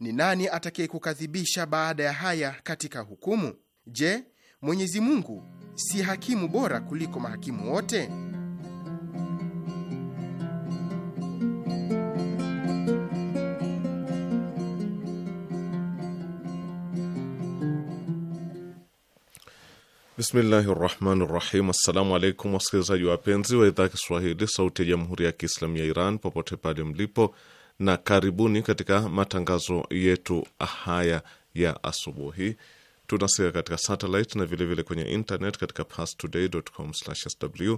ni nani atakayekukadhibisha baada ya haya katika hukumu? Je, Mwenyezi Mungu si hakimu bora kuliko mahakimu wote? Bismillahi rahmani rahim. Assalamu alaikum wasikilizaji wapenzi wa idhaa Kiswahili sauti ya jamhuri ya Kiislamu ya Iran popote pale mlipo na karibuni katika matangazo yetu haya ya asubuhi. tunasika katika satellite na vilevile vile kwenye internet katika pastoday.com/sw.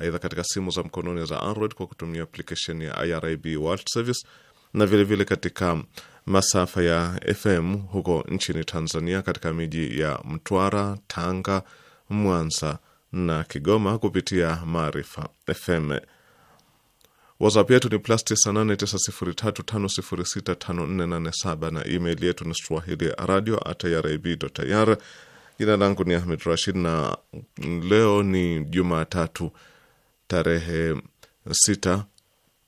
Aidha, katika simu za mkononi za Android kwa kutumia application ya IRIB World Service na vilevile vile katika masafa ya FM huko nchini Tanzania, katika miji ya Mtwara, Tanga, Mwanza na Kigoma kupitia Maarifa FM. WhatsApp yetu ni plus 989035065487 na email yetu ni swahili radio at irib.ir. Jina langu ni Ahmed Rashid na leo ni Jumatatu tarehe 6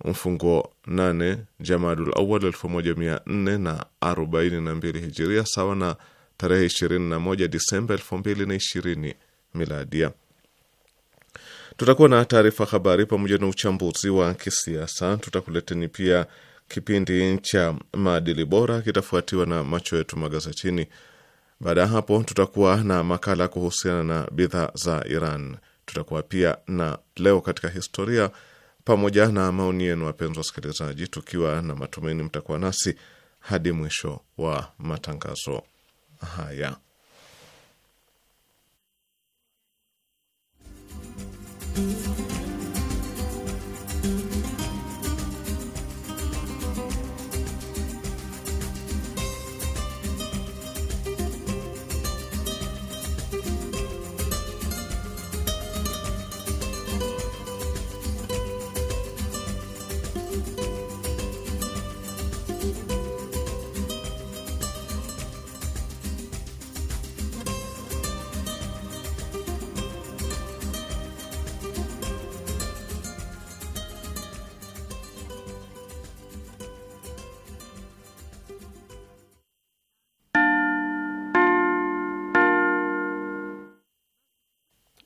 mfungo 8 Jamadul Awal 1442 Hijiria, sawa na tarehe 21 Disemba 2020 Miladia. Tutakuwa na taarifa habari pamoja na uchambuzi wa kisiasa. Tutakuleteni pia kipindi cha maadili bora, kitafuatiwa na macho yetu magazetini. Baada ya hapo, tutakuwa na makala kuhusiana na bidhaa za Iran. Tutakuwa pia na leo katika historia pamoja na maoni yenu, wapenzi wasikilizaji, tukiwa na matumaini mtakuwa nasi hadi mwisho wa matangazo haya.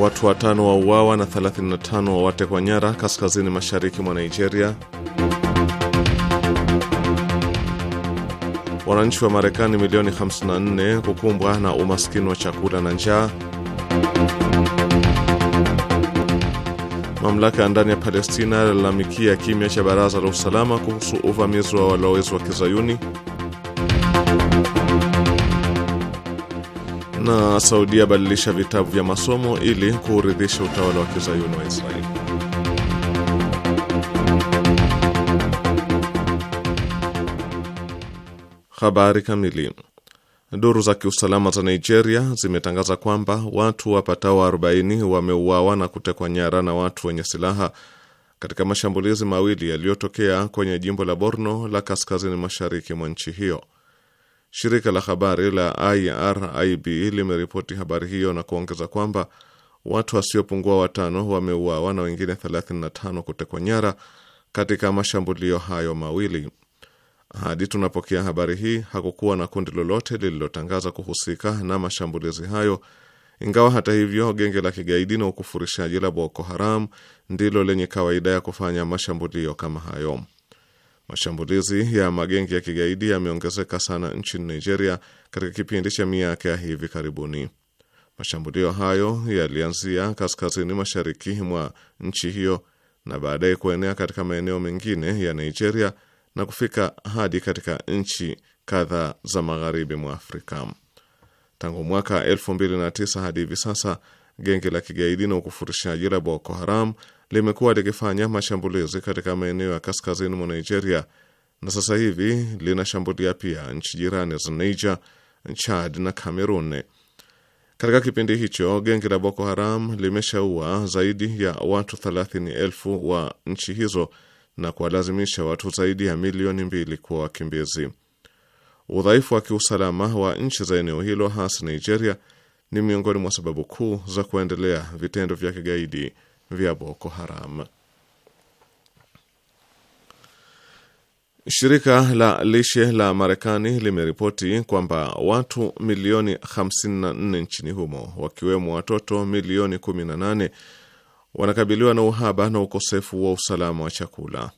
Watu watano wa uawa na 35 wa watekwa nyara kaskazini mashariki mwa Nigeria. Wananchi wa Marekani milioni 54 kukumbwa na umaskini wa chakula na njaa. Mamlaka ya ndani ya Palestina yalalamikia kimya cha baraza la usalama kuhusu uvamizi wa walowezi wa Kizayuni. na Saudia badilisha vitabu vya masomo ili kuuridhisha utawala wa kizayuni wa Israeli. Habari kamili. Duru za kiusalama za Nigeria zimetangaza kwamba watu wapatao 40 wameuawa na kutekwa nyara na watu wenye silaha katika mashambulizi mawili yaliyotokea kwenye jimbo la Borno la kaskazini mashariki mwa nchi hiyo. Shirika la habari la IRIB limeripoti habari hiyo na kuongeza kwamba watu wasiopungua watano wameuawa na wengine 35 kutekwa nyara katika mashambulio hayo mawili. Hadi tunapokea habari hii, hakukuwa na kundi lolote lililotangaza kuhusika na mashambulizi hayo, ingawa hata hivyo genge la kigaidi na ukufurishaji la Boko Haram ndilo lenye kawaida ya kufanya mashambulio kama hayo. Mashambulizi ya magengi ya kigaidi yameongezeka sana nchini Nigeria katika kipindi cha miaka ya hivi karibuni. Mashambulio hayo yalianzia kaskazini mashariki mwa nchi hiyo na baadaye kuenea katika maeneo mengine ya Nigeria na kufika hadi katika nchi kadhaa za magharibi mwa Afrika. Tangu mwaka 2009 hadi hivi sasa, genge la kigaidi na ukufurishaji la Boko Haram limekuwa likifanya mashambulizi katika maeneo ya kaskazini mwa Nigeria na sasa hivi linashambulia pia nchi jirani za Niger, Chad na Cameroon. Katika kipindi hicho genge la Boko Haram limeshaua zaidi ya watu thelathini elfu wa nchi hizo na kuwalazimisha watu zaidi ya milioni mbili kuwa wakimbizi. Udhaifu wa kiusalama wa nchi za eneo hilo hasa Nigeria ni miongoni mwa sababu kuu za kuendelea vitendo vya kigaidi vya Boko Haram. Shirika la lishe la Marekani limeripoti kwamba watu milioni 54 nchini humo wakiwemo watoto milioni 18 wanakabiliwa na uhaba na ukosefu wa usalama wa chakula.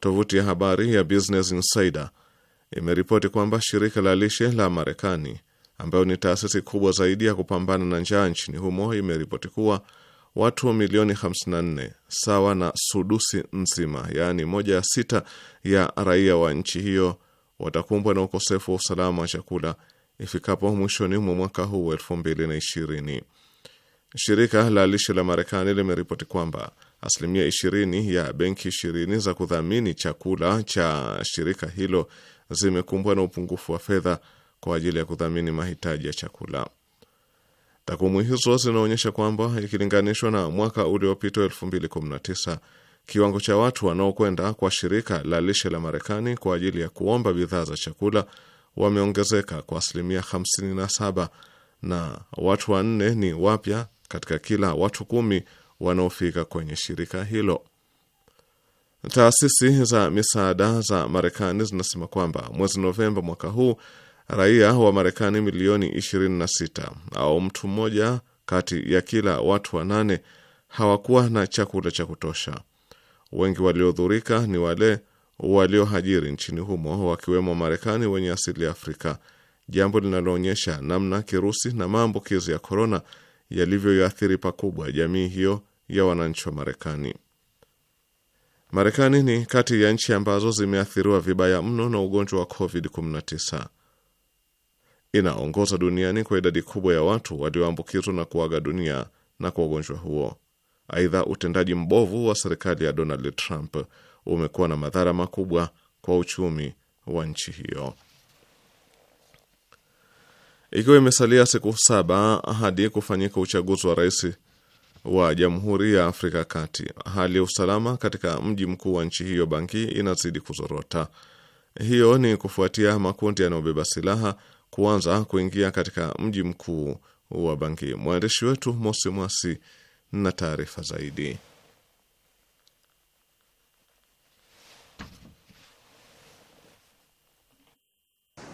Tovuti ya habari ya Business Insider imeripoti kwamba shirika la lishe la Marekani ambayo ni taasisi kubwa zaidi ya kupambana na njaa nchini humo imeripoti kuwa watu milioni 54 sawa na Sudusi nzima, yaani moja ya sita ya raia wa nchi hiyo watakumbwa na ukosefu wa usalama wa chakula ifikapo mwishoni mwa mwaka huu 2020. Shirika la lishe la Marekani limeripoti kwamba asilimia 20 ya benki ishirini za kudhamini chakula cha shirika hilo zimekumbwa na upungufu wa fedha kwa ajili ya kudhamini mahitaji ya chakula. Takwimu hizo zinaonyesha kwamba ikilinganishwa na mwaka uliopita 2019 kiwango cha watu wanaokwenda kwa shirika la lishe la Marekani kwa ajili ya kuomba bidhaa za chakula wameongezeka kwa asilimia 57 na watu wanne ni wapya katika kila watu kumi wanaofika kwenye shirika hilo. Taasisi za misaada za Marekani zinasema kwamba mwezi Novemba mwaka huu raia wa Marekani milioni 26 au mtu mmoja kati ya kila watu wanane hawakuwa na chakula cha kutosha. Wengi waliodhurika ni wale waliohajiri nchini humo, wakiwemo Marekani wenye asili ya Afrika, jambo linaloonyesha namna kirusi na maambukizi ya korona yalivyoathiri pakubwa jamii hiyo ya wananchi wa Marekani. Marekani ni kati ya nchi ambazo zimeathiriwa vibaya mno na ugonjwa wa COVID-19 inaongoza duniani kwa idadi kubwa ya watu walioambukizwa na kuaga dunia na kwa ugonjwa huo. Aidha, utendaji mbovu wa serikali ya Donald Trump umekuwa na madhara makubwa kwa uchumi wa nchi hiyo. Ikiwa imesalia siku saba hadi kufanyika uchaguzi wa rais wa Jamhuri ya Afrika Kati, hali ya usalama katika mji mkuu wa nchi hiyo bangi inazidi kuzorota. Hiyo ni kufuatia makundi yanayobeba silaha kuanza kuingia katika mji mkuu wa Bangi. Mwandishi wetu Mosi Mwasi na taarifa zaidi.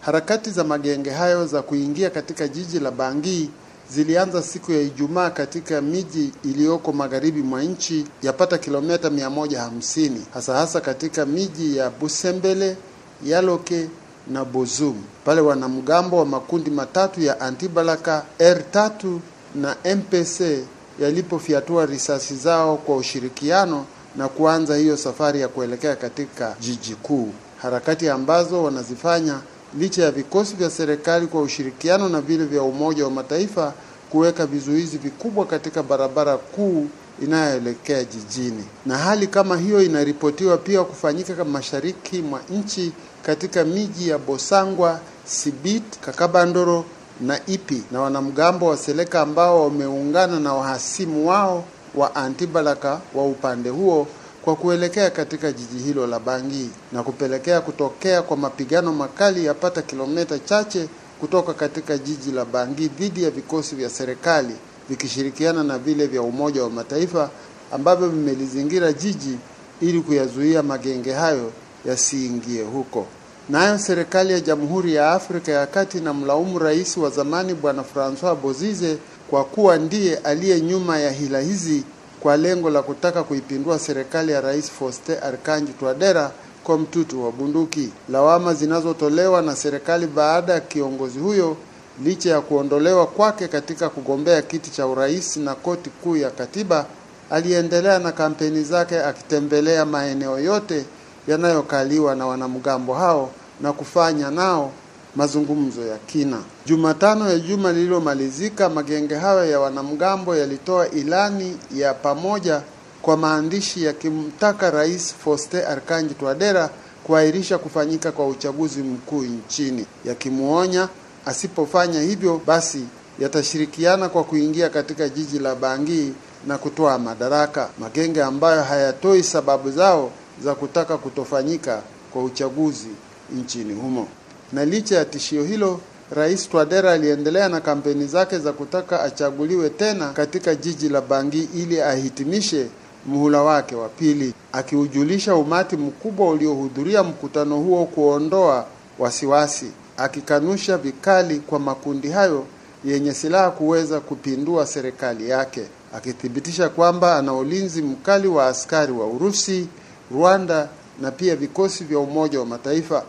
Harakati za magenge hayo za kuingia katika jiji la Bangi zilianza siku ya Ijumaa katika miji iliyoko magharibi mwa nchi yapata kilomita 150 hasa hasa katika miji ya Busembele, Yaloke, na Bozum pale wanamgambo wa makundi matatu ya Antibalaka R3 na MPC yalipofyatua risasi zao kwa ushirikiano na kuanza hiyo safari ya kuelekea katika jiji kuu, harakati ambazo wanazifanya licha ya vikosi vya serikali kwa ushirikiano na vile vya Umoja wa Mataifa kuweka vizuizi vikubwa katika barabara kuu inayoelekea jijini. Na hali kama hiyo inaripotiwa pia kufanyika mashariki mwa nchi katika miji ya Bosangwa, Sibit, Kakabandoro na Ipi na wanamgambo wa Seleka ambao wameungana na wahasimu wao wa Antibalaka wa upande huo kwa kuelekea katika jiji hilo la Bangi na kupelekea kutokea kwa mapigano makali yapata kilomita chache kutoka katika jiji la Bangi dhidi ya vikosi vya serikali vikishirikiana na vile vya Umoja wa Mataifa ambavyo vimelizingira jiji ili kuyazuia magenge hayo yasiingie huko. Nayo serikali ya Jamhuri ya Afrika ya Kati na mlaumu rais wa zamani Bwana Francois Bozize kwa kuwa ndiye aliye nyuma ya hila hizi kwa lengo la kutaka kuipindua serikali ya Rais Faustin Archange Touadera kwa mtutu wa bunduki. Lawama zinazotolewa na serikali baada ya kiongozi huyo licha ya kuondolewa kwake katika kugombea kiti cha urais na koti kuu ya katiba, aliendelea na kampeni zake akitembelea maeneo yote yanayokaliwa na wanamgambo hao na kufanya nao mazungumzo ya kina. Jumatano ya juma lililomalizika, magenge hayo ya wanamgambo yalitoa ilani ya pamoja kwa maandishi yakimtaka Rais Faustin Archange Touadera kuahirisha kufanyika kwa uchaguzi mkuu nchini, yakimuonya asipofanya hivyo basi yatashirikiana kwa kuingia katika jiji la Bangui na kutoa madaraka. Magenge ambayo hayatoi sababu zao za kutaka kutofanyika kwa uchaguzi nchini humo. Na licha ya tishio hilo, Rais Twadera aliendelea na kampeni zake za kutaka achaguliwe tena katika jiji la Bangi ili ahitimishe muhula wake wa pili, akiujulisha umati mkubwa uliohudhuria mkutano huo kuondoa wasiwasi, akikanusha vikali kwa makundi hayo yenye silaha kuweza kupindua serikali yake, akithibitisha kwamba ana ulinzi mkali wa askari wa Urusi Rwanda na pia vikosi vya Umoja wa Mataifa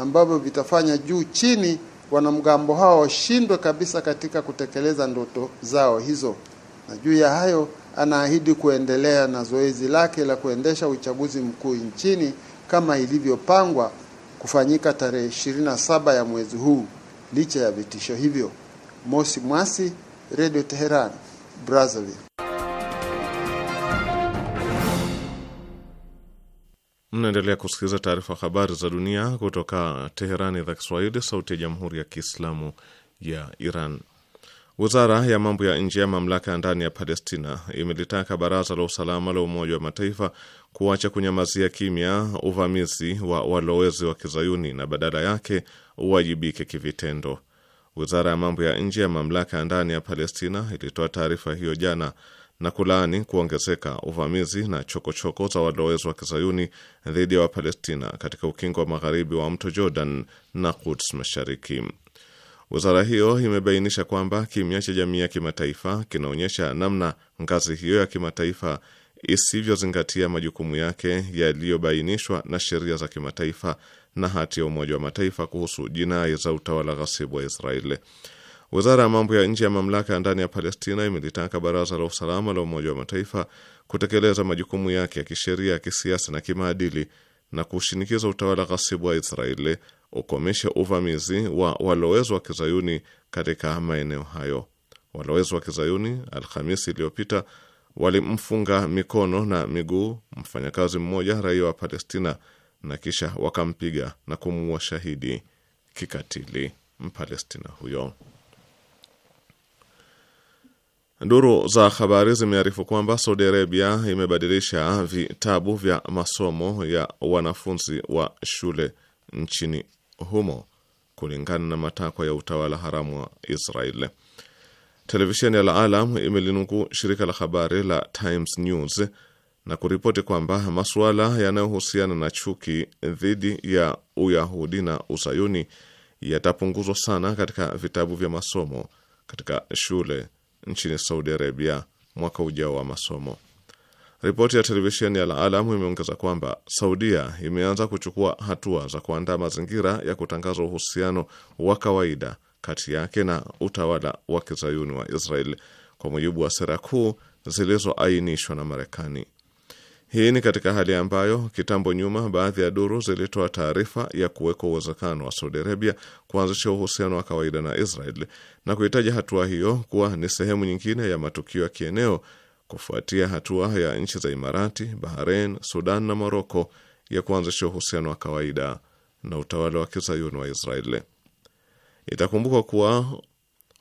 ambavyo vitafanya juu chini wanamgambo hao washindwe kabisa katika kutekeleza ndoto zao hizo. Na juu ya hayo, anaahidi kuendelea na zoezi lake la kuendesha uchaguzi mkuu nchini kama ilivyopangwa kufanyika tarehe 27 ya mwezi huu licha ya vitisho hivyo. Mosi Mwasi, Radio Teheran, Brazzaville. Mnaendelea kusikiliza taarifa habari za dunia kutoka Teherani, idhaa Kiswahili, sauti ya jamhuri ya kiislamu ya Iran. Wizara ya mambo ya nje ya mamlaka ya ndani ya Palestina imelitaka baraza la usalama la Umoja wa Mataifa kuacha kunyamazia kimya uvamizi wa walowezi wa kizayuni na badala yake uwajibike kivitendo. Wizara ya mambo ya nje ya mamlaka ya ndani ya Palestina ilitoa taarifa hiyo jana na kulaani kuongezeka uvamizi na chokochoko choko za walowezi wa kizayuni dhidi ya Wapalestina katika ukingo wa magharibi wa mto Jordan na Quds Mashariki. Wizara hiyo imebainisha kwamba kimya cha jamii ya kimataifa kinaonyesha namna ngazi hiyo ya kimataifa isivyozingatia majukumu yake yaliyobainishwa na sheria za kimataifa na hati ya Umoja wa Mataifa kuhusu jinai za utawala ghasibu wa Israeli. Wizara ya mambo ya nje ya mamlaka ya ndani ya Palestina imelitaka baraza la usalama la Umoja wa Mataifa kutekeleza majukumu yake ya kisheria, ya kisiasa na kimaadili na kushinikiza utawala ghasibu wa Israeli ukomeshe uvamizi wa walowezi wa kizayuni katika maeneo hayo. Walowezi wa kizayuni Alhamisi iliyopita walimfunga mikono na miguu mfanyakazi mmoja raia wa Palestina na kisha wakampiga na kumuua shahidi kikatili Mpalestina huyo. Duru za habari zimearifu kwamba Saudi Arabia imebadilisha vitabu vya masomo ya wanafunzi wa shule nchini humo kulingana na matakwa ya utawala haramu wa Israel. Televisheni ya Al Alam imelinukuu shirika la habari la Times News na kuripoti kwamba masuala yanayohusiana na chuki dhidi ya Uyahudi na Usayuni yatapunguzwa sana katika vitabu vya masomo katika shule nchini Saudi Arabia mwaka ujao wa masomo. Ripoti ya televisheni ya alamu imeongeza kwamba Saudia imeanza kuchukua hatua za kuandaa mazingira ya kutangaza uhusiano wa kawaida kati yake na utawala wa kizayuni wa Israel kwa mujibu wa sera kuu zilizoainishwa na Marekani. Hii ni katika hali ambayo kitambo nyuma baadhi ya duru zilitoa taarifa ya kuwekwa uwezekano wa Saudi Arabia kuanzisha uhusiano wa kawaida na Israel na kuhitaja hatua hiyo kuwa ni sehemu nyingine ya matukio ya kieneo kufuatia hatua ya nchi za Imarati, Bahrain, Sudan na Moroko ya kuanzisha uhusiano wa kawaida na utawala wa kizayuni wa Israeli. Itakumbukwa kuwa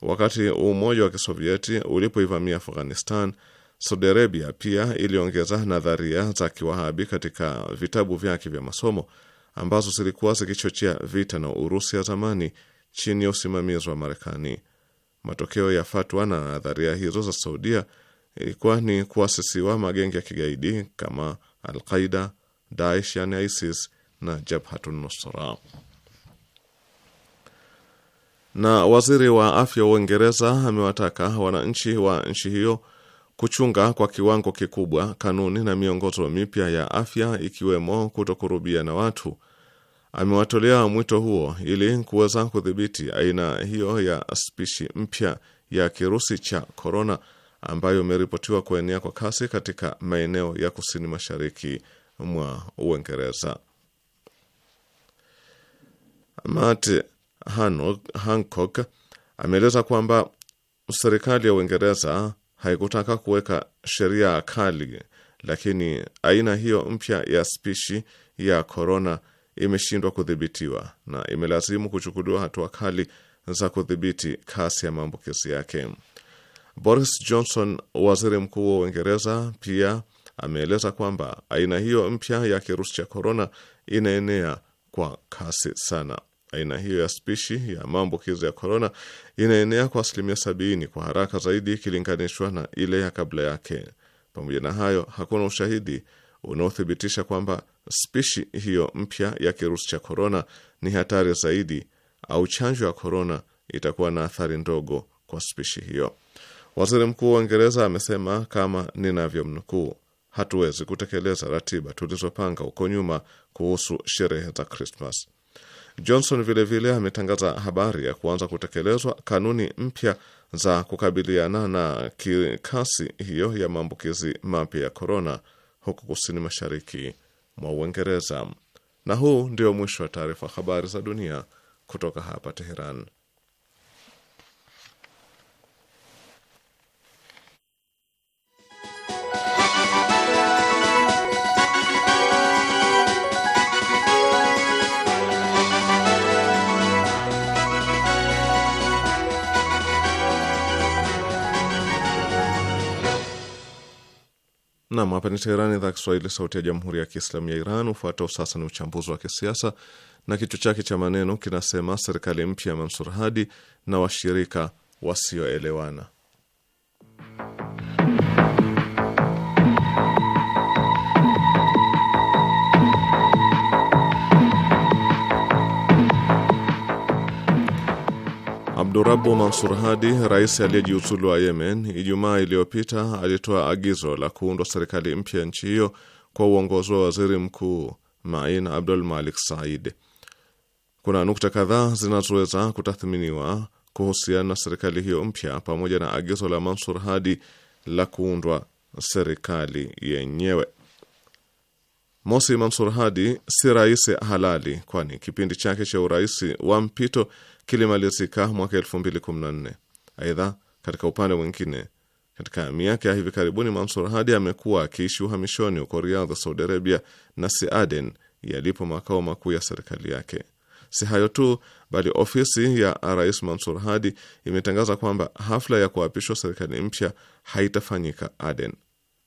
wakati Umoja wa Kisovieti ulipoivamia Afghanistan Saudi Arabia pia iliongeza nadharia za kiwahabi katika vitabu vyake vya masomo ambazo zilikuwa zikichochea vita na Urusi ya zamani chini ya usimamizi wa Marekani. Matokeo ya fatwa na nadharia hizo za Saudia ilikuwa ni kuasisiwa magenge ya kigaidi kama Alqaida, Daesh yani ISIS na Jabhatun Nusra. Na waziri wa afya wa Uingereza amewataka wananchi wa nchi hiyo kuchunga kwa kiwango kikubwa kanuni na miongozo mipya ya afya ikiwemo kutokurubia na watu. Amewatolea mwito huo ili kuweza kudhibiti aina hiyo ya spishi mpya ya kirusi cha korona ambayo imeripotiwa kuenea kwa kasi katika maeneo ya kusini mashariki mwa Uingereza. Matt Hancock ameeleza kwamba serikali ya Uingereza haikutaka kuweka sheria kali, lakini aina hiyo mpya ya spishi ya korona imeshindwa kudhibitiwa na imelazimu kuchukuliwa hatua kali za kudhibiti kasi ya maambukizi yake. Boris Johnson, waziri mkuu wa Uingereza, pia ameeleza kwamba aina hiyo mpya ya kirusi cha korona inaenea kwa kasi sana. Aina hiyo ya spishi ya maambukizi ya korona inaenea kwa asilimia sabini kwa haraka zaidi ikilinganishwa na ile ya kabla yake. Pamoja na hayo, hakuna ushahidi unaothibitisha kwamba spishi hiyo mpya ya kirusi cha korona ni hatari zaidi au chanjo ya korona itakuwa na athari ndogo kwa spishi hiyo. Waziri Mkuu wa Uingereza amesema kama ninavyomnukuu, hatuwezi kutekeleza ratiba tulizopanga huko nyuma kuhusu sherehe za Krismas. Johnson vilevile ametangaza habari ya kuanza kutekelezwa kanuni mpya za kukabiliana na kasi hiyo ya maambukizi mapya ya korona huko kusini mashariki mwa Uingereza. Na huu ndio mwisho wa taarifa habari za dunia kutoka hapa Teheran. Nam, hapa ni Teherani, idhaa Kiswahili, sauti ya jamhuri ya kiislamu ya Iran. Ufuatao sasa ni uchambuzi wa kisiasa na kichwa chake cha maneno kinasema serikali mpya ya Mansur Hadi na washirika wasioelewana. Abdurabu Mansur Hadi, rais aliyejiuzulu wa Yemen, Ijumaa iliyopita alitoa agizo la kuundwa serikali mpya ya nchi hiyo kwa uongozi wa waziri mkuu Main Abdul Malik Said. Kuna nukta kadhaa zinazoweza kutathminiwa kuhusiana na serikali hiyo mpya pamoja na agizo la Mansur Hadi la kuundwa serikali yenyewe. Mosi, Mansur Hadi si rais halali, kwani kipindi chake cha uraisi wa mpito kilimalizika mwaka 2014. Aidha, katika upande mwingine, katika miaka ya hivi karibuni Mansur Hadi amekuwa akiishi uhamishoni huko Riyadh, Saudi Arabia, na si Aden yalipo makao makuu ya serikali yake. Si hayo tu, bali ofisi ya rais Mansur Hadi imetangaza kwamba hafla ya kuapishwa serikali mpya haitafanyika Aden.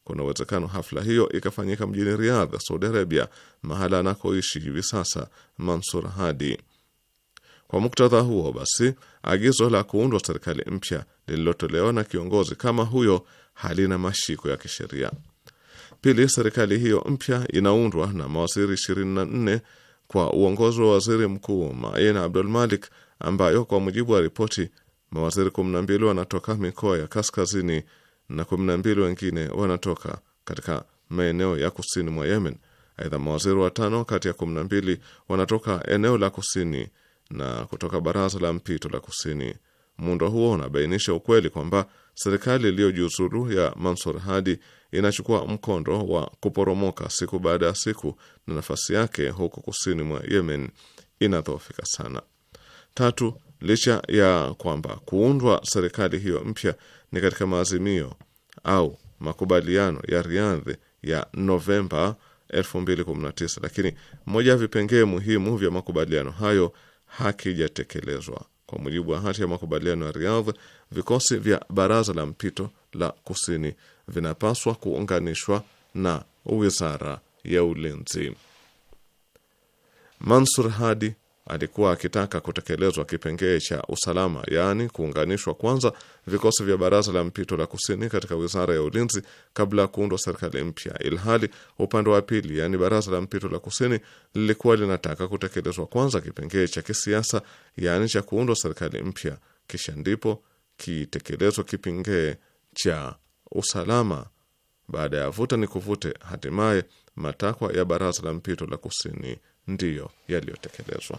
Kuna uwezekano hafla hiyo ikafanyika mjini Riyadh, Saudi Arabia, mahala anakoishi hivi sasa Mansur Hadi. Kwa muktadha huo basi, agizo la kuundwa serikali mpya lililotolewa na kiongozi kama huyo halina mashiko ya kisheria. Pili, serikali hiyo mpya inaundwa na mawaziri 24 kwa uongozi wa waziri mkuu Main Abdul Malik, ambayo kwa mujibu wa ripoti mawaziri 12 wanatoka mikoa ya kaskazini na 12 wengine wanatoka katika maeneo ya kusini mwa Yemen. Aidha, mawaziri watano kati ya 12 wanatoka eneo la kusini na kutoka baraza la mpito la kusini. Muundo huo unabainisha ukweli kwamba serikali iliyojiuzulu ya Mansur Hadi inachukua mkondo wa kuporomoka siku baada ya siku na nafasi yake huko kusini mwa Yemen inadhoofika sana. Tatu, licha ya kwamba kuundwa serikali hiyo mpya ni katika maazimio au makubaliano ya Riadhi ya Novemba 2019, lakini moja ya vipengee muhimu vya makubaliano hayo hakijatekelezwa. Kwa mujibu wa hati ya makubaliano ya Riyadh, vikosi vya baraza la mpito la kusini vinapaswa kuunganishwa na wizara ya ulinzi. Mansur Hadi alikuwa akitaka kutekelezwa kipengee cha usalama, yaani kuunganishwa kwanza vikosi vya baraza la mpito la kusini katika wizara ya ulinzi kabla ya kuundwa serikali mpya, ilhali upande wa pili, yaani baraza la mpito la kusini lilikuwa linataka kutekelezwa kwanza kipengee cha kisiasa, yaani cha kuundwa serikali mpya, kisha ndipo kitekelezwa kipengee cha usalama. Baada ya vuta ni kuvute, hatimaye matakwa ya baraza la mpito la kusini ndiyo yaliyotekelezwa.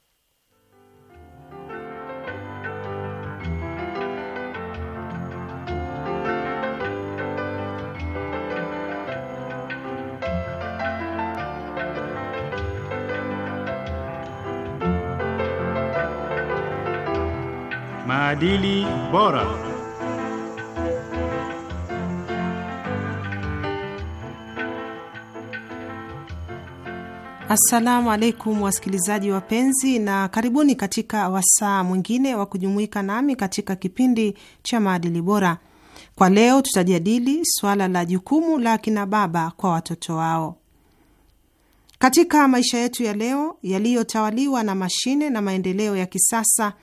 Maadili Bora. Assalamu alaikum wasikilizaji wapenzi, na karibuni katika wasaa mwingine wa kujumuika nami katika kipindi cha maadili bora. Kwa leo tutajadili suala la jukumu la akina baba kwa watoto wao katika maisha yetu ya leo yaliyotawaliwa na mashine na maendeleo ya kisasa.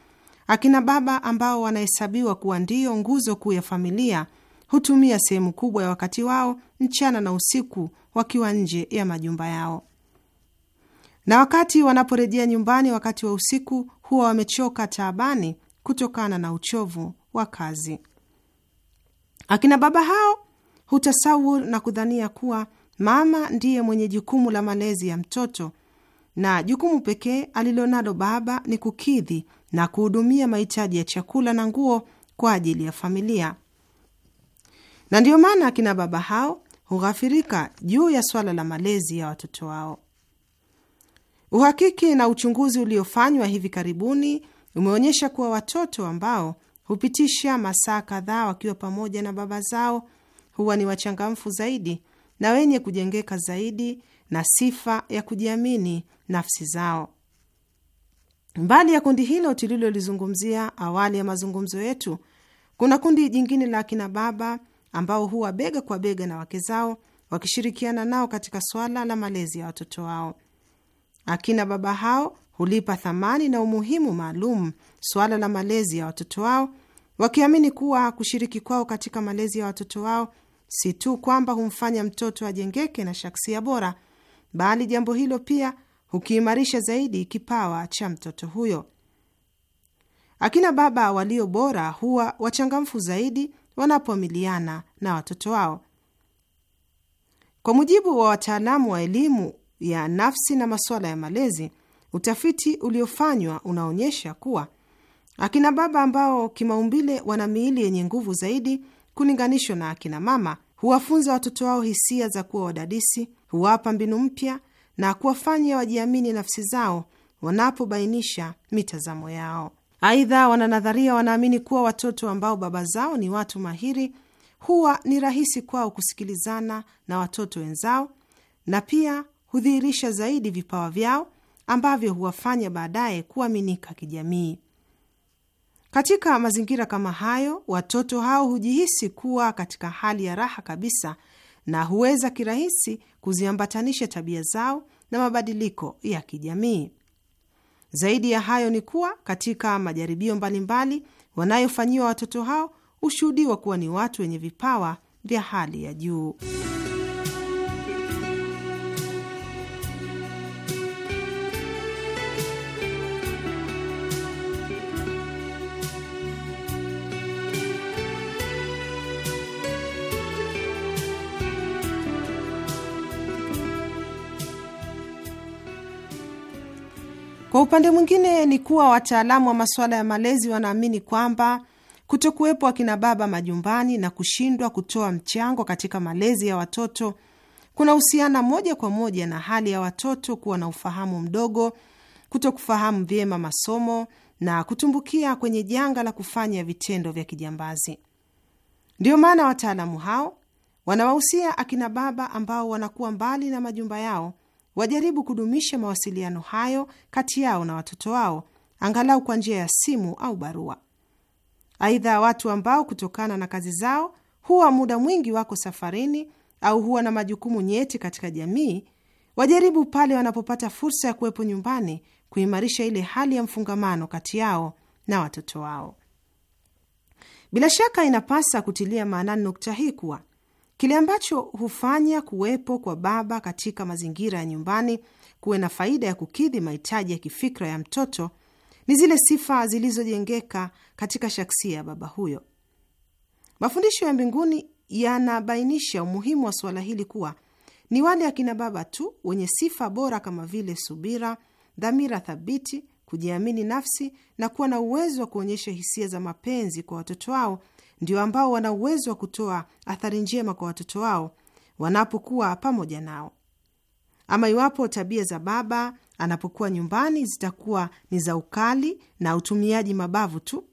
Akina baba ambao wanahesabiwa kuwa ndiyo nguzo kuu ya familia hutumia sehemu kubwa ya wakati wao mchana na usiku wakiwa nje ya majumba yao, na wakati wanaporejea nyumbani wakati wa usiku huwa wamechoka taabani kutokana na uchovu wa kazi. Akina baba hao hutasawur na kudhania kuwa mama ndiye mwenye jukumu la malezi ya mtoto na jukumu pekee alilonalo baba ni kukidhi na kuhudumia mahitaji ya chakula na nguo kwa ajili ya familia. Na ndiyo maana akina baba hao hughafirika juu ya swala la malezi ya watoto wao. Uhakiki na uchunguzi uliofanywa hivi karibuni umeonyesha kuwa watoto ambao hupitisha masaa kadhaa wakiwa pamoja na baba zao huwa ni wachangamfu zaidi na wenye kujengeka zaidi na sifa ya kujiamini nafsi zao. Mbali ya kundi hilo tulilolizungumzia awali ya mazungumzo yetu, kuna kundi jingine la akina baba ambao huwa bega kwa bega na wake zao wakishirikiana nao katika swala la malezi ya watoto wao. Akina baba hao hulipa thamani na umuhimu maalum swala la malezi ya watoto wao, wakiamini kuwa kushiriki kwao katika malezi ya watoto wao si tu kwamba humfanya mtoto ajengeke na shaksia bora, bali jambo hilo pia hukiimarisha zaidi kipawa cha mtoto huyo. Akina baba walio bora huwa wachangamfu zaidi wanapoamiliana na watoto wao. Kwa mujibu wa wataalamu wa elimu ya nafsi na masuala ya malezi, utafiti uliofanywa unaonyesha kuwa akina baba ambao kimaumbile wana miili yenye nguvu zaidi kulinganishwa na akina mama huwafunza watoto wao hisia za kuwa wadadisi, huwapa mbinu mpya na kuwafanya wajiamini nafsi zao wanapobainisha mitazamo yao. Aidha, wananadharia wanaamini kuwa watoto ambao baba zao ni watu mahiri huwa ni rahisi kwao kusikilizana na watoto wenzao na pia hudhihirisha zaidi vipawa vyao ambavyo huwafanya baadaye kuaminika kijamii. Katika mazingira kama hayo, watoto hao hujihisi kuwa katika hali ya raha kabisa na huweza kirahisi kuziambatanisha tabia zao na mabadiliko ya kijamii. Zaidi ya hayo ni kuwa katika majaribio mbalimbali wanayofanyiwa watoto hao hushuhudiwa kuwa ni watu wenye vipawa vya hali ya juu. Kwa upande mwingine ni kuwa wataalamu wa masuala ya malezi wanaamini kwamba kutokuwepo akina baba majumbani na kushindwa kutoa mchango katika malezi ya watoto kuna husiana moja kwa moja na hali ya watoto kuwa na ufahamu mdogo, kutokufahamu vyema masomo na kutumbukia kwenye janga la kufanya vitendo vya kijambazi. Ndiyo maana wataalamu hao wanawahusia akina baba ambao wanakuwa mbali na majumba yao wajaribu kudumisha mawasiliano hayo kati yao na watoto wao angalau kwa njia ya simu au barua. Aidha, watu ambao kutokana na kazi zao huwa muda mwingi wako safarini au huwa na majukumu nyeti katika jamii, wajaribu pale wanapopata fursa ya kuwepo nyumbani kuimarisha ile hali ya mfungamano kati yao na watoto wao. Bila shaka inapasa kutilia maanani nukta hii kuwa Kile ambacho hufanya kuwepo kwa baba katika mazingira ya nyumbani kuwe na faida ya kukidhi mahitaji ya kifikra ya mtoto ni zile sifa zilizojengeka katika shaksia ya baba huyo. Mafundisho ya mbinguni yanabainisha umuhimu wa suala hili kuwa ni wale akina baba tu wenye sifa bora kama vile subira, dhamira thabiti, kujiamini nafsi na kuwa na uwezo wa kuonyesha hisia za mapenzi kwa watoto wao ndio ambao wana uwezo wa kutoa athari njema kwa watoto wao wanapokuwa pamoja nao. Ama iwapo tabia za baba anapokuwa nyumbani zitakuwa ni za ukali na utumiaji mabavu tu,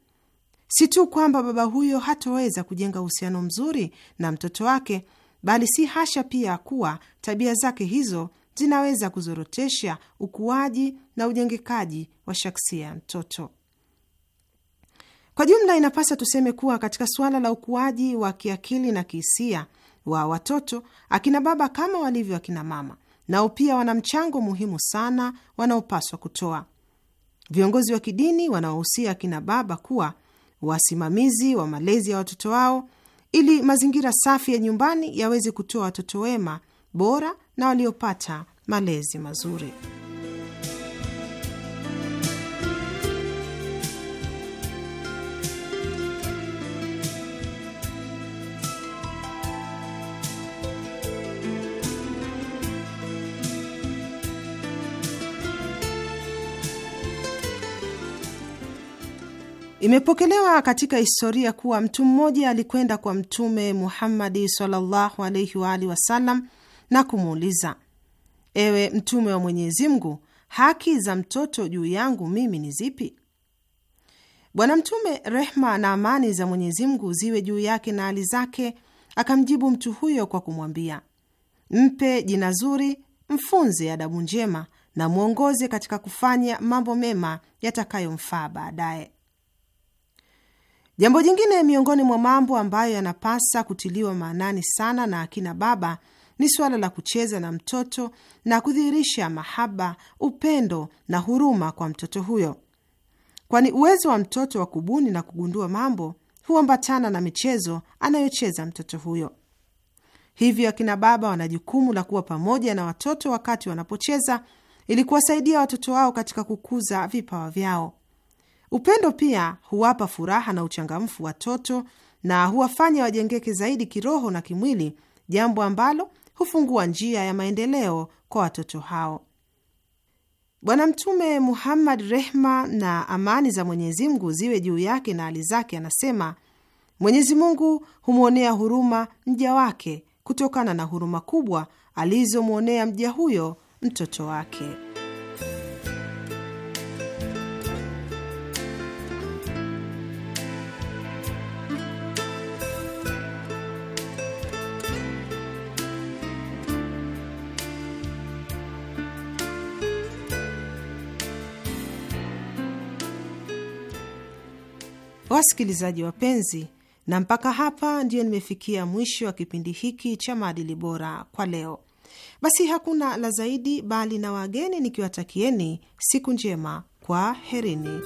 si tu kwamba baba huyo hatoweza kujenga uhusiano mzuri na mtoto wake, bali si hasha pia kuwa tabia zake hizo zinaweza kuzorotesha ukuaji na ujengekaji wa shaksia ya mtoto. Kwa jumla, inapasa tuseme kuwa katika suala la ukuaji wa kiakili na kihisia wa watoto, akina baba kama walivyo akina mama nao pia wana mchango muhimu sana wanaopaswa kutoa. Viongozi wa kidini wanawahusia akina baba kuwa wasimamizi wa malezi ya watoto wao ili mazingira safi ya nyumbani yaweze kutoa watoto wema, bora na waliopata malezi mazuri. Imepokelewa katika historia kuwa mtu mmoja alikwenda kwa Mtume Muhammadi sallallahu alaihi wa alihi wasallam na kumuuliza, ewe Mtume wa Mwenyezi Mungu, haki za mtoto juu yangu mimi ni zipi? Bwana Mtume, rehma na amani za Mwenyezi Mungu ziwe juu yake na hali zake, akamjibu mtu huyo kwa kumwambia, mpe jina zuri, mfunze adabu njema na mwongoze katika kufanya mambo mema yatakayomfaa baadaye. Jambo jingine miongoni mwa mambo ambayo yanapasa kutiliwa maanani sana na akina baba ni suala la kucheza na mtoto na kudhihirisha mahaba, upendo na huruma kwa mtoto huyo, kwani uwezo wa mtoto wa kubuni na kugundua mambo huambatana na michezo anayocheza mtoto huyo. Hivyo akina baba wana jukumu la kuwa pamoja na watoto wakati wanapocheza, ili kuwasaidia watoto wao katika kukuza vipawa vyao. Upendo pia huwapa furaha na uchangamfu watoto na huwafanya wajengeke zaidi kiroho na kimwili, jambo ambalo hufungua njia ya maendeleo kwa watoto hao. Bwana Mtume Muhammad, rehma na amani za Mwenyezi Mungu ziwe juu yake na hali zake, anasema Mwenyezi Mungu humwonea huruma mja wake kutokana na huruma kubwa alizomwonea mja huyo mtoto wake. Wasikilizaji wapenzi, na mpaka hapa ndiyo nimefikia mwisho wa kipindi hiki cha maadili bora kwa leo. Basi hakuna la zaidi, bali na wageni nikiwatakieni siku njema, kwa kwaherini.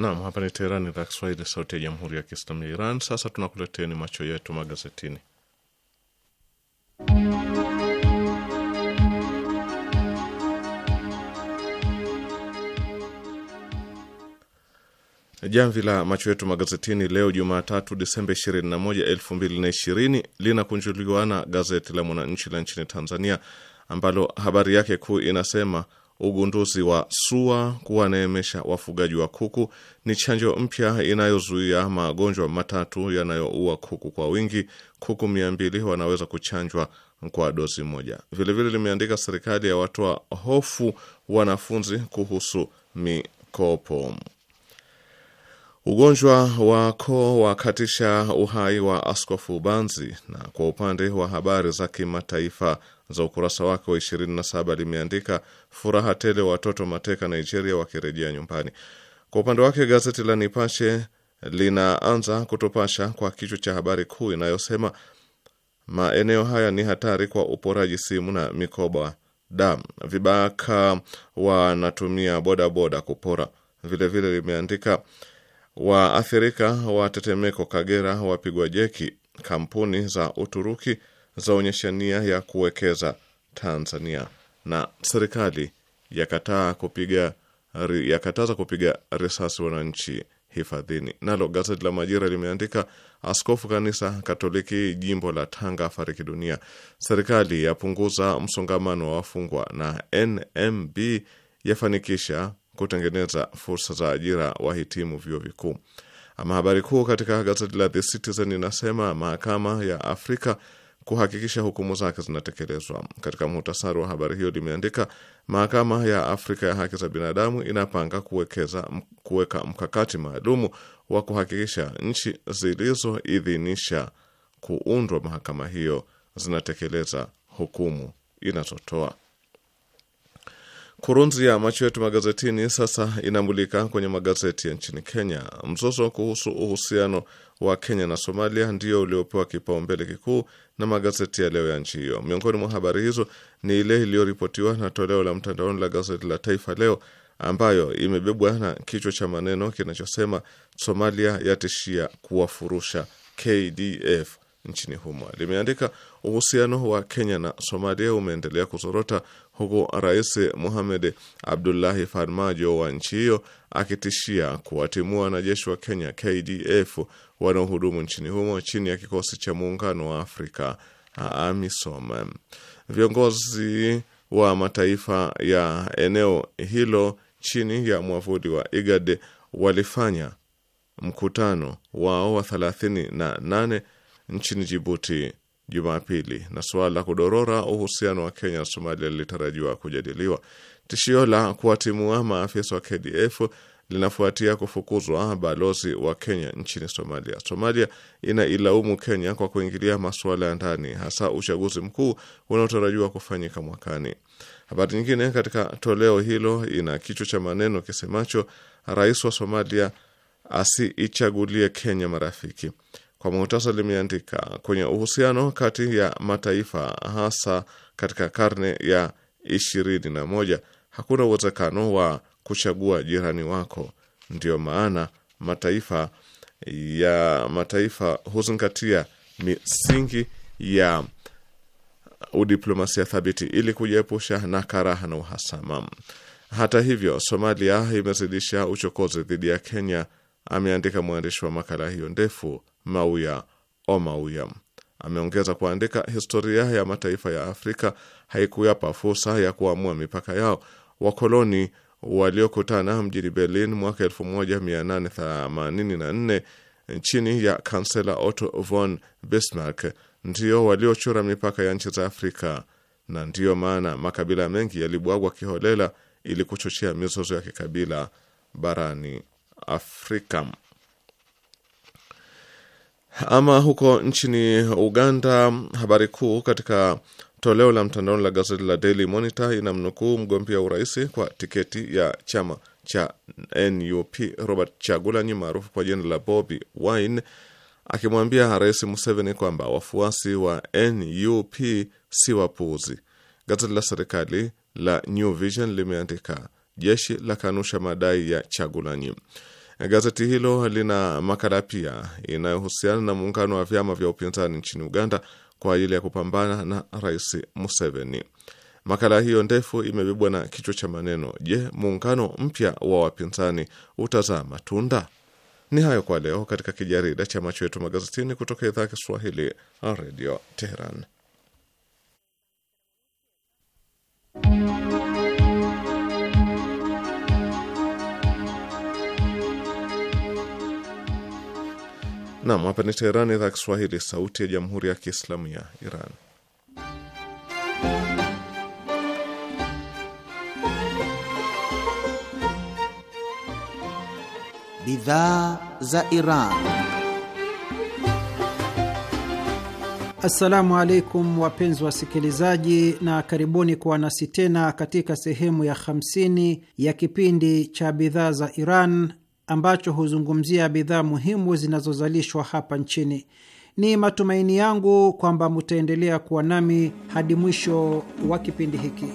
Naam, hapa ni Teherani, idhaa Kiswahili, sauti ya jamhuri ya kiislamu ya Iran. Sasa tunakuleteni macho yetu magazetini. Jamvi la macho yetu magazetini leo Jumatatu, Disemba 21, 2020 linakunjuliwa na gazeti la Mwananchi la nchini Tanzania ambalo habari yake kuu inasema Ugunduzi wa SUA kuwaneemesha wafugaji wa kuku ni chanjo mpya inayozuia magonjwa matatu yanayoua kuku kwa wingi. Kuku mia mbili wanaweza kuchanjwa kwa dozi moja. Vilevile limeandika serikali ya watoa hofu wanafunzi kuhusu mikopo. Ugonjwa wa koo wakatisha uhai wa Askofu Banzi. Na kwa upande wa habari za kimataifa za ukurasa wake wa 27 limeandika furaha tele, watoto mateka Nigeria wakirejea nyumbani. Kwa upande wake gazeti la Nipashe linaanza kutupasha kwa kichwa cha habari kuu inayosema maeneo haya ni hatari kwa uporaji simu na mikoba da vibaka wanatumia bodaboda kupora. Vilevile vile limeandika waathirika wa tetemeko Kagera wapigwa jeki, kampuni za Uturuki zaonyesha nia ya kuwekeza Tanzania na serikali yakataa kupiga yakataza kupiga risasi wananchi hifadhini. Nalo gazeti la Majira limeandika askofu kanisa Katoliki jimbo la Tanga afariki dunia, serikali yapunguza msongamano wa wafungwa na NMB yafanikisha kutengeneza fursa za ajira wahitimu vyuo vikuu. Ama habari kuu katika gazeti la The Citizen inasema mahakama ya Afrika kuhakikisha hukumu zake zinatekelezwa. Katika muhtasari wa habari hiyo limeandika, mahakama ya Afrika ya haki za binadamu inapanga kuwekeza kuweka mkakati maalumu wa kuhakikisha nchi zilizoidhinisha kuundwa mahakama hiyo zinatekeleza hukumu inazotoa. Kurunzi ya macho yetu magazetini sasa inamulika kwenye magazeti ya nchini Kenya mzozo kuhusu uhusiano wa Kenya na Somalia ndio uliopewa kipaumbele kikuu na magazeti ya leo ya nchi hiyo. Miongoni mwa habari hizo ni ile iliyoripotiwa na toleo la mtandaoni la gazeti la Taifa Leo ambayo imebebwa na kichwa cha maneno kinachosema Somalia yatishia kuwafurusha KDF nchini humo. Limeandika uhusiano wa Kenya na Somalia umeendelea kuzorota huku Rais Mohamed Abdullahi Farmajo wa nchi hiyo akitishia kuwatimua wanajeshi wa Kenya KDF wanaohudumu nchini humo chini ya kikosi cha muungano wa Afrika AMISOM. Viongozi wa mataifa ya eneo hilo chini ya mwavuli wa IGAD walifanya mkutano wao wa 38 nchini Jibuti Jumapili na suala la kudorora uhusiano wa Kenya na Somalia lilitarajiwa kujadiliwa. Tishio la kuwatimua maafisa wa KDF linafuatia kufukuzwa balozi wa Kenya nchini Somalia. Somalia ina ilaumu Kenya kwa kuingilia masuala ya ndani, hasa uchaguzi mkuu unaotarajiwa kufanyika mwakani. Habari nyingine katika toleo hilo ina kichwa cha maneno kisemacho, rais wa Somalia asiichagulie Kenya marafiki. Kwa muhtasa limeandika kwenye uhusiano kati ya mataifa hasa katika karne ya ishirini na moja hakuna uwezekano wa kuchagua jirani wako. Ndiyo maana mataifa ya mataifa huzingatia misingi ya udiplomasia thabiti ili kujiepusha na karaha na uhasama. Hata hivyo, Somalia imezidisha uchokozi dhidi ya Kenya, ameandika mwandishi wa makala hiyo ndefu Mauya Omauya. Ameongeza kuandika, historia ya mataifa ya Afrika haikuyapa fursa ya kuamua mipaka yao. Wakoloni waliokutana mjini Berlin mwaka 1884 chini ya kansela Otto von Bismarck ndio waliochora mipaka ya nchi za Afrika, na ndiyo maana makabila mengi yalibwagwa kiholela ili kuchochea mizozo ya kikabila barani Afrika. Ama huko nchini Uganda, habari kuu katika toleo la mtandaoni la gazeti la Daily Monitor inamnukuu mgombea urais kwa tiketi ya chama cha NUP Robert Chagulanyi maarufu kwa jina la Bobi Wine akimwambia Rais Museveni kwamba wafuasi wa NUP si wapuuzi. Gazeti la serikali la New Vision limeandika jeshi la kanusha madai ya Chagulanyi. Gazeti hilo lina makala pia inayohusiana na muungano wa vyama vya upinzani nchini Uganda kwa ajili ya kupambana na Rais Museveni. Makala hiyo ndefu imebebwa na kichwa cha maneno, Je, muungano mpya wa wapinzani utazaa matunda? Ni hayo kwa leo katika kijarida cha macho yetu magazetini kutoka idhaa ya Kiswahili, Radio Teheran. Nam, hapa ni Teherani, idhaa Kiswahili, sauti ya jamhuri ya kiislamu ya Iran. Bidhaa za Iran. Assalamu alaikum wapenzi wasikilizaji, na karibuni kuwa nasi tena katika sehemu ya 50 ya kipindi cha bidhaa za Iran ambacho huzungumzia bidhaa muhimu zinazozalishwa hapa nchini. Ni matumaini yangu kwamba mutaendelea kuwa nami hadi mwisho wa kipindi hiki.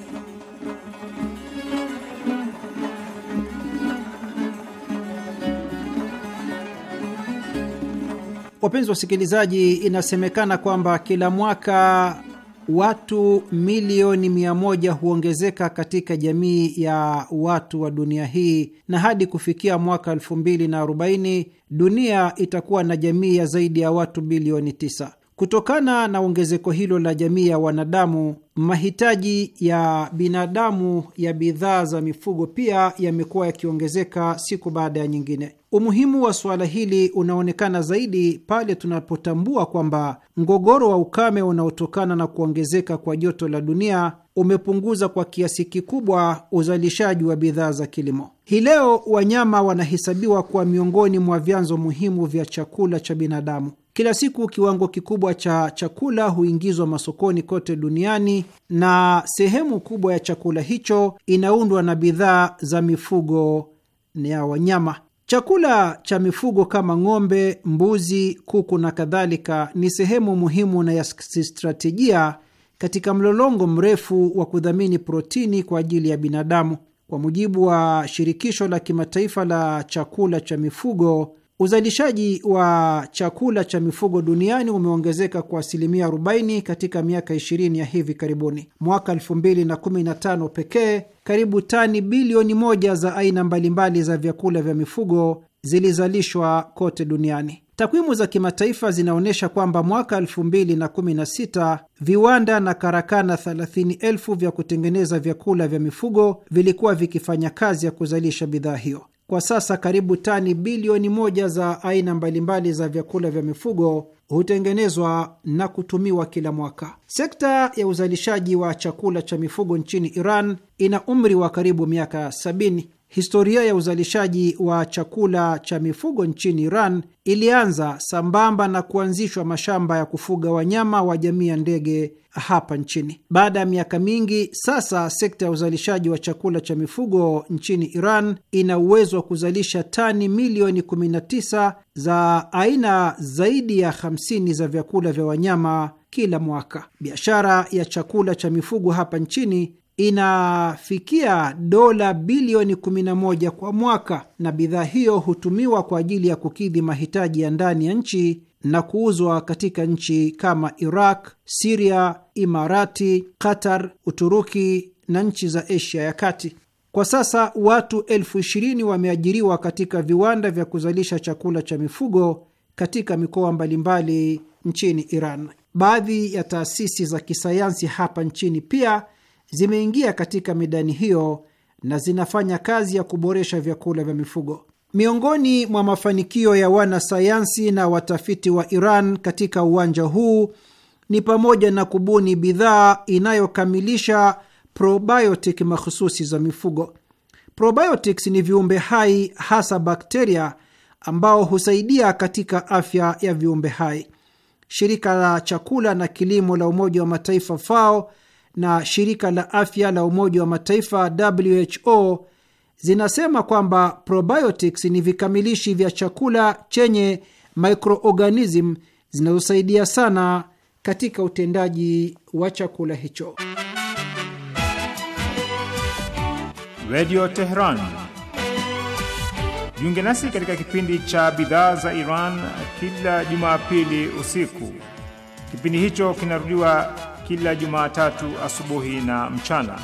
Wapenzi wasikilizaji, inasemekana kwamba kila mwaka watu milioni mia moja huongezeka katika jamii ya watu wa dunia hii na hadi kufikia mwaka elfu mbili na arobaini dunia itakuwa na jamii ya zaidi ya watu bilioni tisa. Kutokana na ongezeko hilo la jamii ya wanadamu, mahitaji ya binadamu ya bidhaa za mifugo pia yamekuwa yakiongezeka siku baada ya nyingine. Umuhimu wa suala hili unaonekana zaidi pale tunapotambua kwamba mgogoro wa ukame unaotokana na kuongezeka kwa joto la dunia umepunguza kwa kiasi kikubwa uzalishaji wa bidhaa za kilimo. Hii leo wanyama wanahesabiwa kuwa miongoni mwa vyanzo muhimu vya chakula cha binadamu. Kila siku kiwango kikubwa cha chakula huingizwa masokoni kote duniani na sehemu kubwa ya chakula hicho inaundwa na bidhaa za mifugo ya wanyama. Chakula cha mifugo kama ng'ombe, mbuzi, kuku na kadhalika ni sehemu muhimu na ya kistratejia katika mlolongo mrefu wa kudhamini protini kwa ajili ya binadamu. Kwa mujibu wa shirikisho la kimataifa la chakula cha mifugo Uzalishaji wa chakula cha mifugo duniani umeongezeka kwa asilimia 40 katika miaka 20 ya hivi karibuni. Mwaka 2015 pekee, karibu tani bilioni moja za aina mbalimbali za vyakula vya mifugo zilizalishwa kote duniani. Takwimu za kimataifa zinaonyesha kwamba mwaka 2016 viwanda na karakana 30,000 vya kutengeneza vyakula vya mifugo vilikuwa vikifanya kazi ya kuzalisha bidhaa hiyo. Kwa sasa karibu tani bilioni moja za aina mbalimbali za vyakula vya mifugo hutengenezwa na kutumiwa kila mwaka. Sekta ya uzalishaji wa chakula cha mifugo nchini Iran ina umri wa karibu miaka sabini. Historia ya uzalishaji wa chakula cha mifugo nchini Iran ilianza sambamba na kuanzishwa mashamba ya kufuga wanyama wa jamii ya ndege hapa nchini. Baada ya miaka mingi sasa, sekta ya uzalishaji wa chakula cha mifugo nchini Iran ina uwezo wa kuzalisha tani milioni 19 za aina zaidi ya 50 za vyakula vya wanyama kila mwaka. Biashara ya chakula cha mifugo hapa nchini inafikia dola bilioni 11 kwa mwaka, na bidhaa hiyo hutumiwa kwa ajili ya kukidhi mahitaji ya ndani ya nchi na kuuzwa katika nchi kama Iraq, Siria, Imarati, Qatar, Uturuki na nchi za Asia ya Kati. Kwa sasa watu elfu ishirini wameajiriwa katika viwanda vya kuzalisha chakula cha mifugo katika mikoa mbalimbali nchini Iran. Baadhi ya taasisi za kisayansi hapa nchini pia zimeingia katika midani hiyo na zinafanya kazi ya kuboresha vyakula vya mifugo. Miongoni mwa mafanikio ya wanasayansi na watafiti wa Iran katika uwanja huu ni pamoja na kubuni bidhaa inayokamilisha probiotic mahususi za mifugo. Probiotics ni viumbe hai, hasa bakteria, ambao husaidia katika afya ya viumbe hai. Shirika la chakula na kilimo la Umoja wa Mataifa FAO na shirika la afya la Umoja wa Mataifa WHO zinasema kwamba probiotics ni vikamilishi vya chakula chenye microorganism zinazosaidia sana katika utendaji wa chakula hicho. Redio Teheran. Jiunge nasi katika kipindi cha bidhaa za Iran kila Jumapili usiku. Kipindi hicho kinarudiwa kila Jumatatu asubuhi na mchana.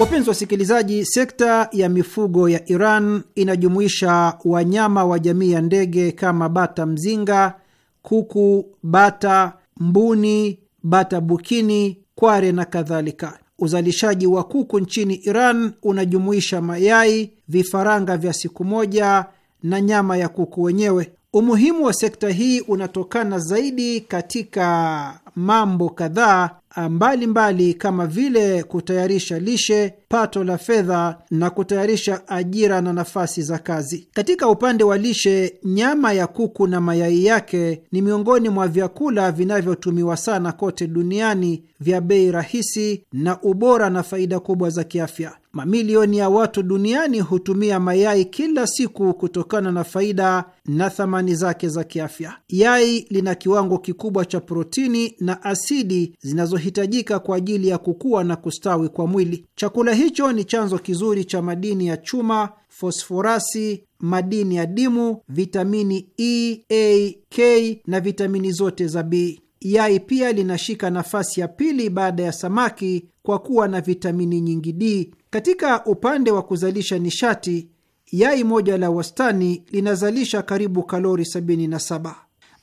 Wapenzi wasikilizaji, sekta ya mifugo ya Iran inajumuisha wanyama wa jamii ya ndege kama bata mzinga, kuku, bata, mbuni, bata bukini, kware na kadhalika. Uzalishaji wa kuku nchini Iran unajumuisha mayai, vifaranga vya siku moja na nyama ya kuku wenyewe. Umuhimu wa sekta hii unatokana zaidi katika mambo kadhaa mbalimbali mbali kama vile kutayarisha lishe, pato la fedha na kutayarisha ajira na nafasi za kazi. Katika upande wa lishe, nyama ya kuku na mayai yake ni miongoni mwa vyakula vinavyotumiwa sana kote duniani, vya bei rahisi na ubora na faida kubwa za kiafya. Mamilioni ya watu duniani hutumia mayai kila siku kutokana na faida na thamani zake za kiafya. Yai lina kiwango kikubwa cha protini na asidi zinazohitajika kwa ajili ya kukua na kustawi kwa mwili. Chakula hicho ni chanzo kizuri cha madini ya chuma, fosforasi, madini ya dimu, vitamini E, A, K na vitamini zote za B. Yai pia linashika nafasi ya pili baada ya samaki kwa kuwa na vitamini nyingi D. Katika upande wa kuzalisha nishati, yai moja la wastani linazalisha karibu kalori 77.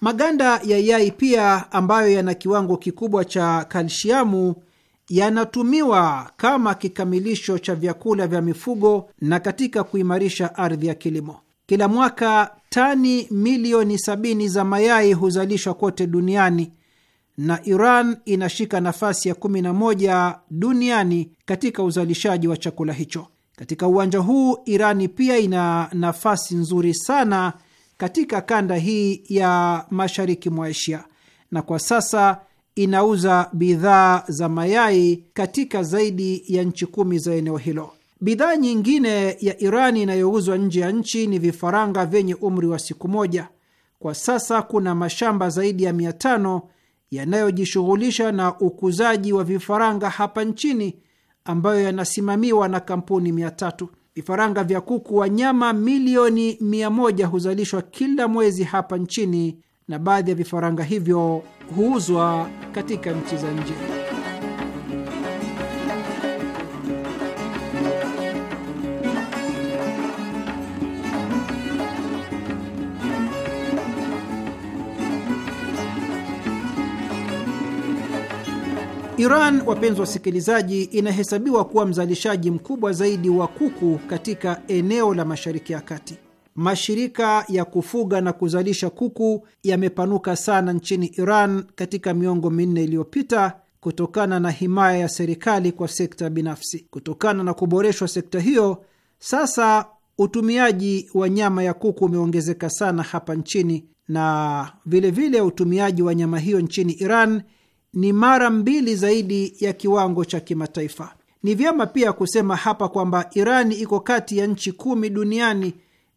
Maganda ya yai pia ambayo yana kiwango kikubwa cha kalsiamu yanatumiwa kama kikamilisho cha vyakula vya mifugo na katika kuimarisha ardhi ya kilimo. Kila mwaka tani milioni sabini za mayai huzalishwa kote duniani na Iran inashika nafasi ya 11 duniani katika uzalishaji wa chakula hicho. Katika uwanja huu, Irani pia ina nafasi nzuri sana katika kanda hii ya mashariki mwa Asia, na kwa sasa inauza bidhaa za mayai katika zaidi ya nchi kumi za eneo hilo. Bidhaa nyingine ya iran inayouzwa nje ya nchi ni vifaranga vyenye umri wa siku moja. Kwa sasa kuna mashamba zaidi ya mia tano yanayojishughulisha na ukuzaji wa vifaranga hapa nchini ambayo yanasimamiwa na kampuni mia tatu. Vifaranga vya kuku wa nyama milioni mia moja huzalishwa kila mwezi hapa nchini na baadhi ya vifaranga hivyo huuzwa katika nchi za nje. Iran, wapenzi wasikilizaji, inahesabiwa kuwa mzalishaji mkubwa zaidi wa kuku katika eneo la Mashariki ya Kati mashirika ya kufuga na kuzalisha kuku yamepanuka sana nchini Iran katika miongo minne iliyopita kutokana na himaya ya serikali kwa sekta binafsi. Kutokana na kuboreshwa sekta hiyo, sasa utumiaji wa nyama ya kuku umeongezeka sana hapa nchini, na vilevile vile utumiaji wa nyama hiyo nchini Iran ni mara mbili zaidi ya kiwango cha kimataifa. Ni vyema pia kusema hapa kwamba Iran iko kati ya nchi kumi duniani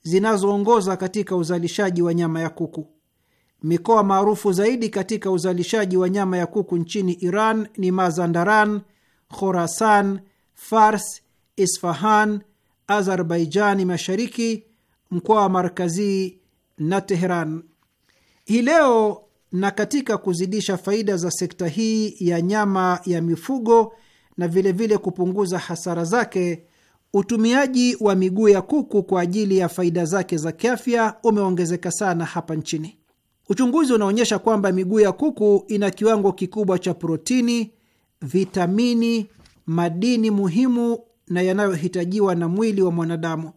zinazoongoza katika uzalishaji wa nyama ya kuku. Mikoa maarufu zaidi katika uzalishaji wa nyama ya kuku nchini Iran ni Mazandaran, Khorasan, Fars, Isfahan, Azerbaijani Mashariki, mkoa wa Markazi na Teheran. Hii leo na katika kuzidisha faida za sekta hii ya nyama ya mifugo na vilevile vile kupunguza hasara zake Utumiaji wa miguu ya kuku kwa ajili ya faida zake za kiafya umeongezeka sana hapa nchini. Uchunguzi unaonyesha kwamba miguu ya kuku ina kiwango kikubwa cha protini, vitamini, madini muhimu na yanayohitajiwa na mwili wa mwanadamu.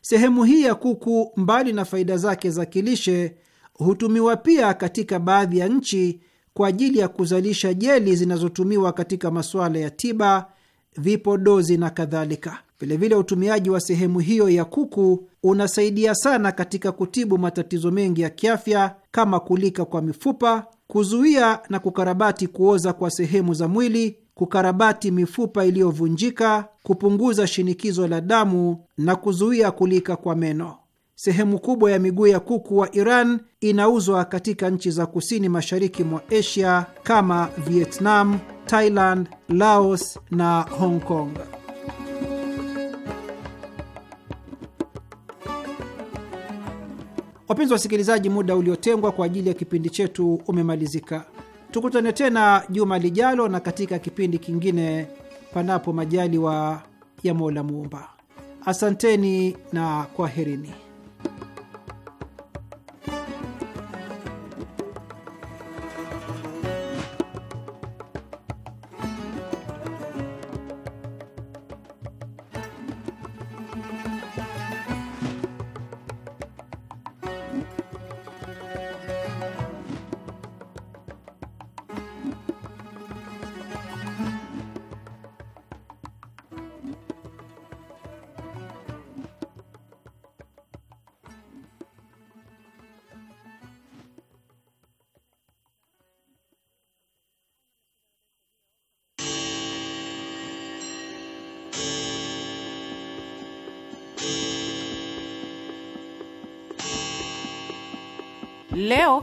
Sehemu hii ya kuku, mbali na faida zake za kilishe, hutumiwa pia katika baadhi ya nchi kwa ajili ya kuzalisha jeli zinazotumiwa katika masuala ya tiba, vipodozi na kadhalika. Vilevile, utumiaji wa sehemu hiyo ya kuku unasaidia sana katika kutibu matatizo mengi ya kiafya kama kulika kwa mifupa, kuzuia na kukarabati kuoza kwa sehemu za mwili, kukarabati mifupa iliyovunjika, kupunguza shinikizo la damu na kuzuia kulika kwa meno. Sehemu kubwa ya miguu ya kuku wa Iran inauzwa katika nchi za kusini mashariki mwa Asia kama Vietnam, Thailand, Laos na Hong Kong. Wapenzi wa wasikilizaji, muda uliotengwa kwa ajili ya kipindi chetu umemalizika. Tukutane tena juma lijalo na katika kipindi kingine, panapo majaliwa ya Mola Muumba. Asanteni na kwaherini.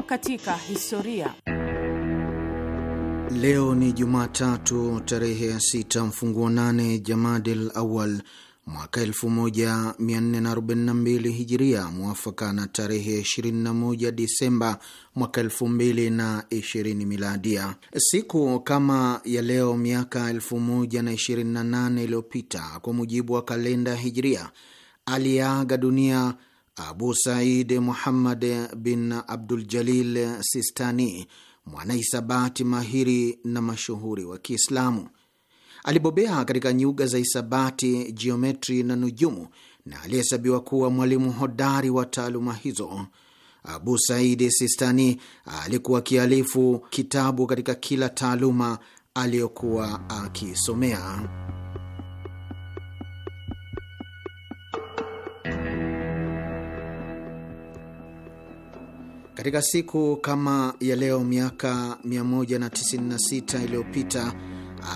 katika historia. Leo ni Jumatatu tarehe ya sita mfunguo nane Jamadil Awal mwaka 1442 hijiria mwafaka na tarehe 21 Disemba mwaka 2020 miladia. Siku kama ya leo miaka 1028 iliyopita kwa mujibu wa kalenda hijiria aliyeaga dunia Abu Said Muhammad bin Abdul Jalil Sistani, mwanahisabati mahiri na mashuhuri wa Kiislamu, alibobea katika nyuga za hisabati, jiometri na nujumu, na alihesabiwa kuwa mwalimu hodari wa taaluma hizo. Abu Saidi Sistani alikuwa akialifu kitabu katika kila taaluma aliyokuwa akisomea. Katika siku kama ya leo miaka 196 iliyopita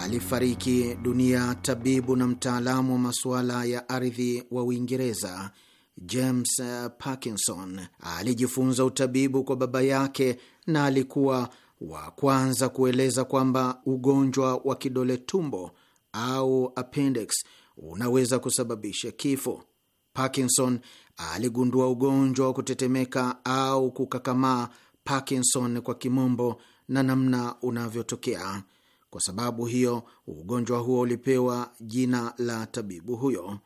alifariki dunia tabibu na mtaalamu wa masuala ya ardhi wa Uingereza James Parkinson. Alijifunza utabibu kwa baba yake na alikuwa wa kwanza kueleza kwamba ugonjwa wa kidole tumbo au appendix unaweza kusababisha kifo. Parkinson aligundua ugonjwa wa kutetemeka au kukakamaa, Parkinson kwa kimombo, na namna unavyotokea. Kwa sababu hiyo, ugonjwa huo ulipewa jina la tabibu huyo.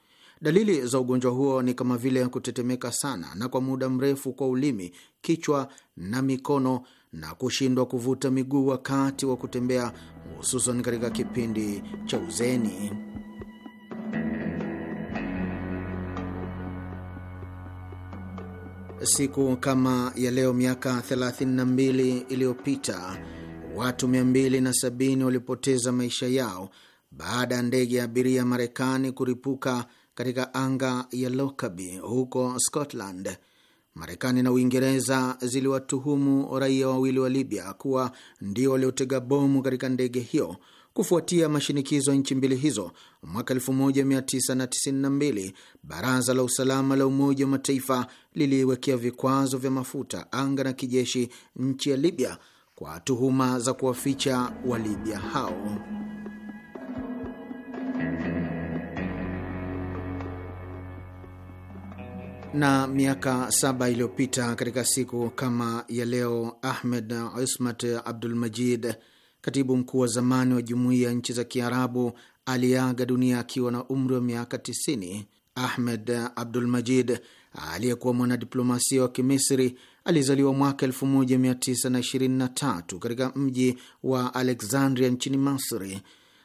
Dalili za ugonjwa huo ni kama vile kutetemeka sana na kwa muda mrefu kwa ulimi, kichwa na mikono na kushindwa kuvuta miguu wakati wa kutembea, hususan katika kipindi cha uzeni. Siku kama ya leo miaka 32 iliyopita watu 270 walipoteza maisha yao baada ya ndege ya abiria ya Marekani kuripuka katika anga ya Lokabi huko Scotland. Marekani na Uingereza ziliwatuhumu raia wawili wa Libya kuwa ndio waliotega bomu katika ndege hiyo Kufuatia mashinikizo ya nchi mbili hizo, mwaka 1992 baraza la usalama la Umoja wa Mataifa liliwekea vikwazo vya mafuta, anga na kijeshi nchi ya Libya kwa tuhuma za kuwaficha Walibya hao. na miaka saba iliyopita katika siku kama ya leo Ahmed Ismat Abdul Majid katibu mkuu wa zamani wa Jumuiya ya Nchi za Kiarabu, aliaga dunia akiwa na umri wa miaka 90. Ahmed Abdul Majid aliyekuwa mwanadiplomasia wa Kimisri alizaliwa mwaka 1923 katika mji wa Alexandria nchini Masri.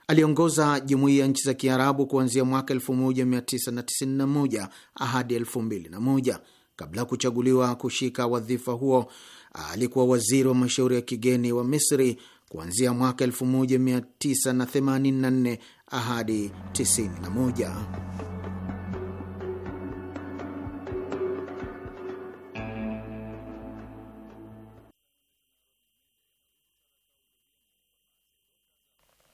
Aliongoza jumuiya ya nchi za Kiarabu kuanzia mwaka 1991 hadi 2001. Kabla ya kuchaguliwa kushika wadhifa huo, alikuwa waziri wa mashauri ya kigeni wa Misri kuanzia mwaka 1984 hadi 91.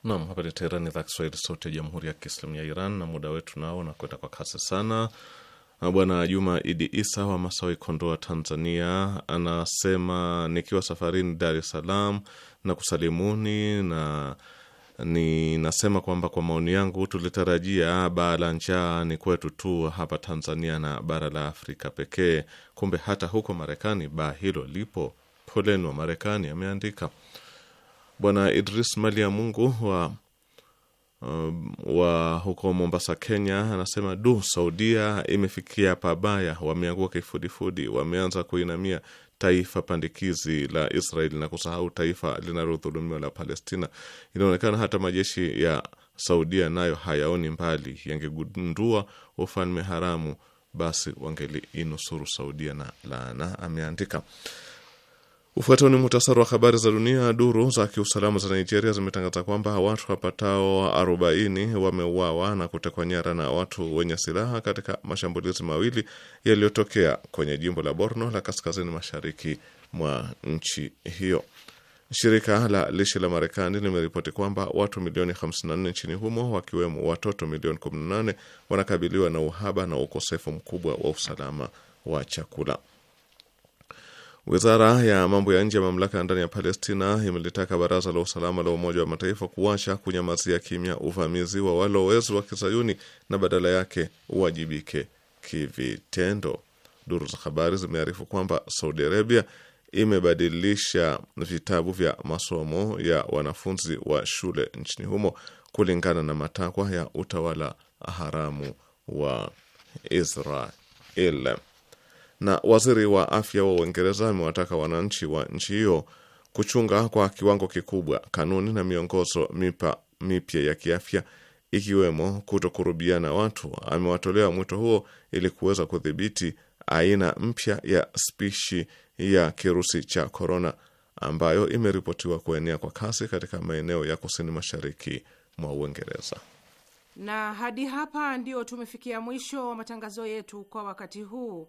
Nam, hapa ni Teherani, idhaa Kiswahili, sauti ya jamhuri ya kiislamu ya Iran, na muda wetu nao unakwenda kwa kasi sana. Ah, Bwana Juma Idi Isa wa Masawi, Kondoa, Tanzania, anasema nikiwa safarini Dar es Salaam na kusalimuni na ninasema kwamba kwa maoni yangu tulitarajia baa la njaa ni kwetu tu hapa Tanzania na bara la Afrika pekee, kumbe hata huko Marekani baa hilo lipo. Poleni wa Marekani, ameandika Bwana Idris Mali ya Mungu wa Um, wa huko Mombasa, Kenya, anasema du, Saudia imefikia pabaya, wameangua kifudifudi, wameanza kuinamia taifa pandikizi la Israeli na kusahau taifa linalodhulumiwa la Palestina. Inaonekana hata majeshi ya Saudia nayo hayaoni mbali, yangegundua ufalme haramu, basi wangeliinusuru Saudia na laana, ameandika. Ufuatao ni muhtasari wa habari za dunia. Duru za kiusalama za Nigeria zimetangaza kwamba watu wapatao arobaini wameuawa na kutekwa nyara na watu wenye silaha katika mashambulizi mawili yaliyotokea kwenye jimbo la Borno la kaskazini mashariki mwa nchi hiyo. Shirika la lishe la Marekani limeripoti kwamba watu milioni 54 nchini humo wakiwemo watoto milioni 18 wanakabiliwa na uhaba na ukosefu mkubwa wa usalama wa chakula. Wizara ya mambo ya nje ya mamlaka ya ndani ya Palestina imelitaka baraza la usalama la Umoja wa Mataifa kuacha kunyamazia kimya uvamizi wa walowezi wa kizayuni na badala yake uwajibike kivitendo. Duru za habari zimearifu kwamba Saudi Arabia imebadilisha vitabu vya masomo ya wanafunzi wa shule nchini humo kulingana na matakwa ya utawala haramu wa Israel na waziri wa afya wa Uingereza amewataka wananchi wa nchi hiyo kuchunga kwa kiwango kikubwa kanuni na miongozo mipa mipya ya kiafya ikiwemo kutokurubiana watu. Amewatolea mwito huo ili kuweza kudhibiti aina mpya ya spishi ya kirusi cha korona ambayo imeripotiwa kuenea kwa kasi katika maeneo ya kusini mashariki mwa Uingereza. Na hadi hapa ndio tumefikia mwisho wa matangazo yetu kwa wakati huu.